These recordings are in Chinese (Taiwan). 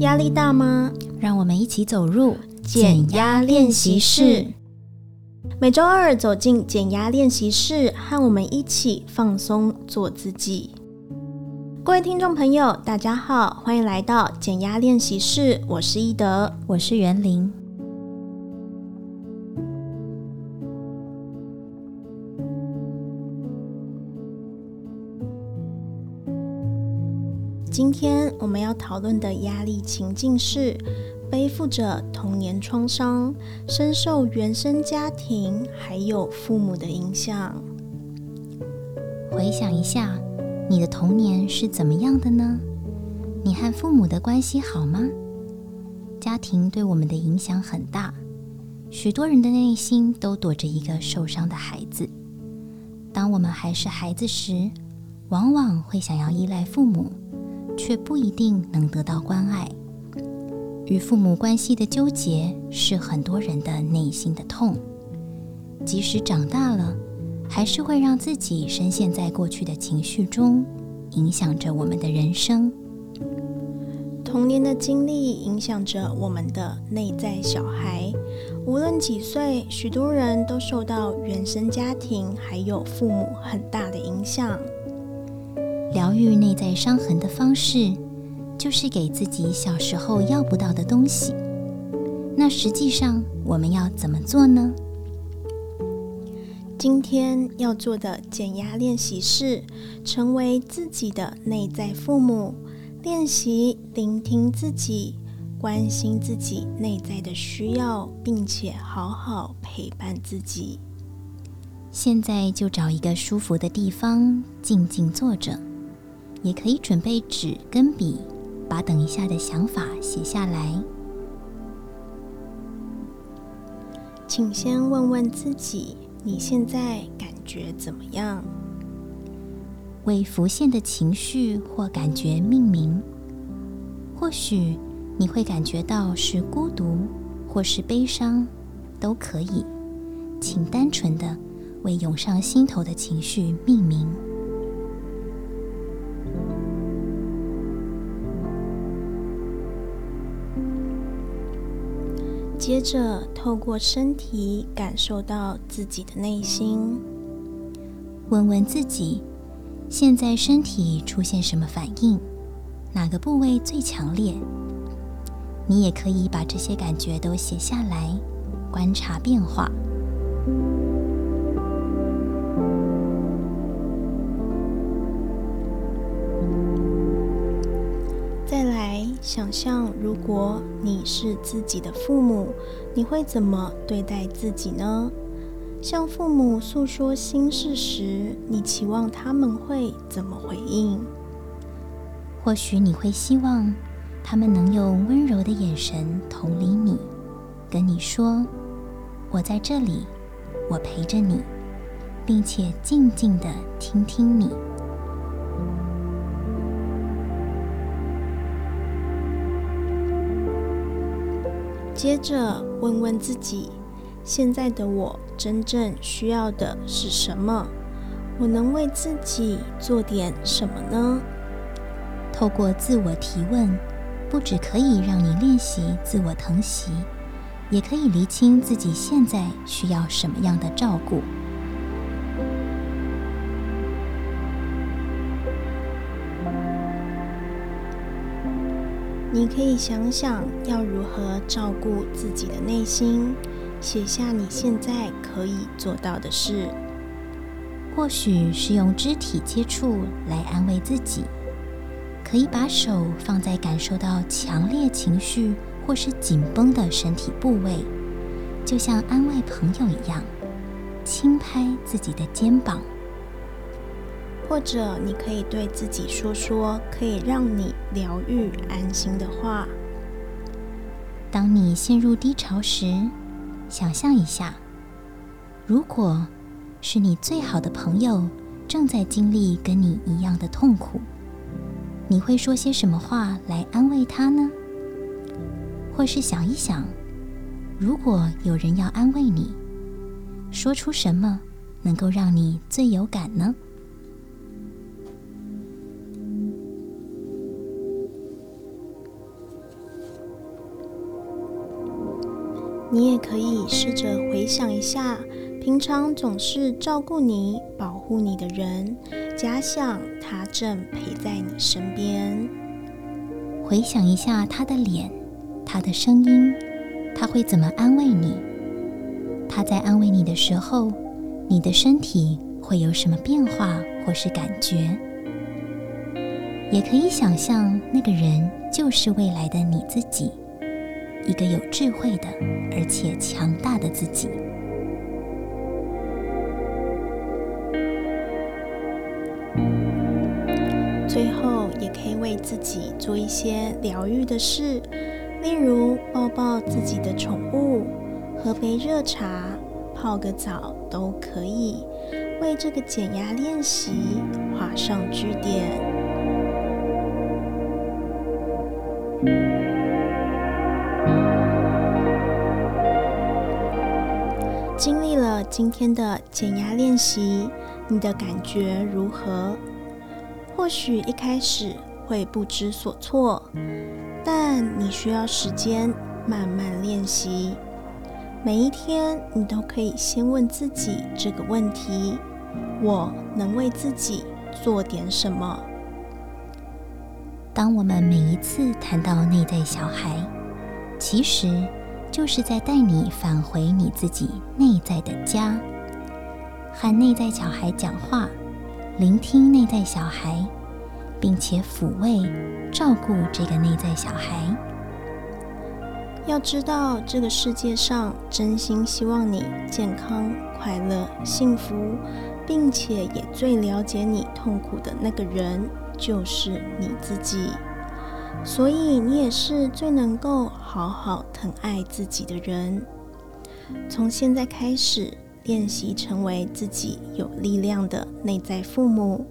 壓力大嗎？讓我們一起走入減壓，減壓練習室。每周二走進減壓練習室，和我們一起放鬆做自己。各位聽眾朋友，大家好，歡迎來到減壓練習室。我是易德，我是袁玲。今天我們要討論的壓力情境是背負着童年創傷，深受原生家庭還有父母的影響。回想一下，你的童年是怎麼樣的呢？你和父母的關係好嗎？家庭對我們的影響很大，許多人的內心都躲着一個受傷的孩子。當我們還是孩子時，往往會想要依賴父母。卻不一定能得到關愛。與父母關係的糾結是很多人的內心的痛，即使長大了，還是會讓自己深陷在過去的情緒中，影響着我們的人生。童年的經歷影響着我們的內在小孩，無論幾歲，許多人都受到原生家庭還有父母很大的影響。療癒內在傷痕的方式，就是給自己小時候要不到的東西。那實際上我們要怎麼做呢？今天要做的減壓練習是成為自己的內在父母，練習聆聽自己，關心自己內在的需要，並且好好陪伴自己。現在就找一個舒服的地方，靜靜坐着。也可以準備紙跟筆，把等一下的想法寫下來。請先問問自己，你現在感覺怎麼樣？為浮現的情緒或感覺命名。或許你會感覺到是孤獨，或是悲傷，都可以。請單純的為湧上心頭的情緒命名。接着，透過身體感受到自己的內心。問問自己，現在身體出現什麼反應？哪個部位最強烈？你也可以把這些感覺都寫下來，觀察變化。想象如果你是自己的父母，你會怎麼對待自己呢？向父母訴說心事時，你期望他們會怎麼回應？或許你會希望他們能用溫柔的眼神同理你，跟你說：“我在這裡，我陪着你，並且靜靜的聽聽你。”接着問問自己，現在的我真正需要的是什麼？我能為自己做點什麼呢？透過自我提問，不只可以讓你練習自我疼惜，也可以釐清自己現在需要什麼樣的照顧。你可以想想要如何照顧自己的內心，寫下你現在可以做到的事。或許是用肢體接觸來安慰自己，可以把手放在感受到強烈情緒或是緊繃的身體部位，就像安慰朋友一樣，輕拍自己的肩膀。或者你可以對自己說說可以讓你療癒、安心的話。當你陷入低潮時，想象一下，如果是你最好的朋友正在經歷跟你一樣的痛苦，你會說些什麼話來安慰他呢？或是想一想，如果有人要安慰你，說出什麼能夠讓你最有感呢？你也可以試着回想一下，平常總是照顧你、保護你的人，假想他正陪在你身邊，回想一下他的臉、他的聲音，他會怎麼安慰你？他在安慰你的時候，你的身體會有什麼變化或是感覺？也可以想象那個人就是未來的你自己。一個有智慧的，而且強大的自己。最後，也可以為自己做一些療癒的事，例如抱抱自己的寵物，喝杯熱茶，泡個澡都可以，為這個減壓練習畫上句點。今天的減壓練習，你的感覺如何？或許一開始會不知所措，但你需要時間慢慢練習。每一天，你都可以先問自己這個問題：我能為自己做點什麼？當我們每一次談到內在小孩，其實……就是在帶你返回你自己內在的家，和內在小孩講話，聆聽內在小孩，並且撫慰、照顧這個內在小孩。要知道，這個世界上真心希望你健康、快樂、幸福，並且也最了解你痛苦的那個人，就是你自己。所以你也是最能夠好好疼愛自己的人。從現在開始練習成為自己有力量的內在父母。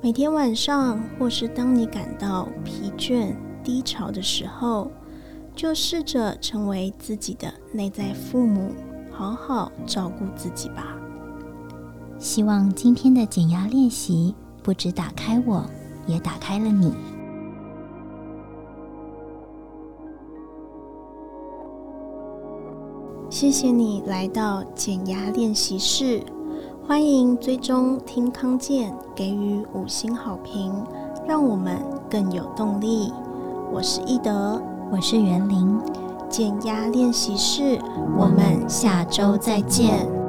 每天晚上，或是當你感到疲倦、低潮的時候，就試着成為自己的內在父母，好好照顧自己吧。希望今天的減壓練習，不止打開我，也打開了你。謝謝你來到減壓練習室，歡迎追蹤聽康健，給予五星好評，讓我們更有動力。我是易德，我是袁玲，減壓練習室，我們下周再見。嗯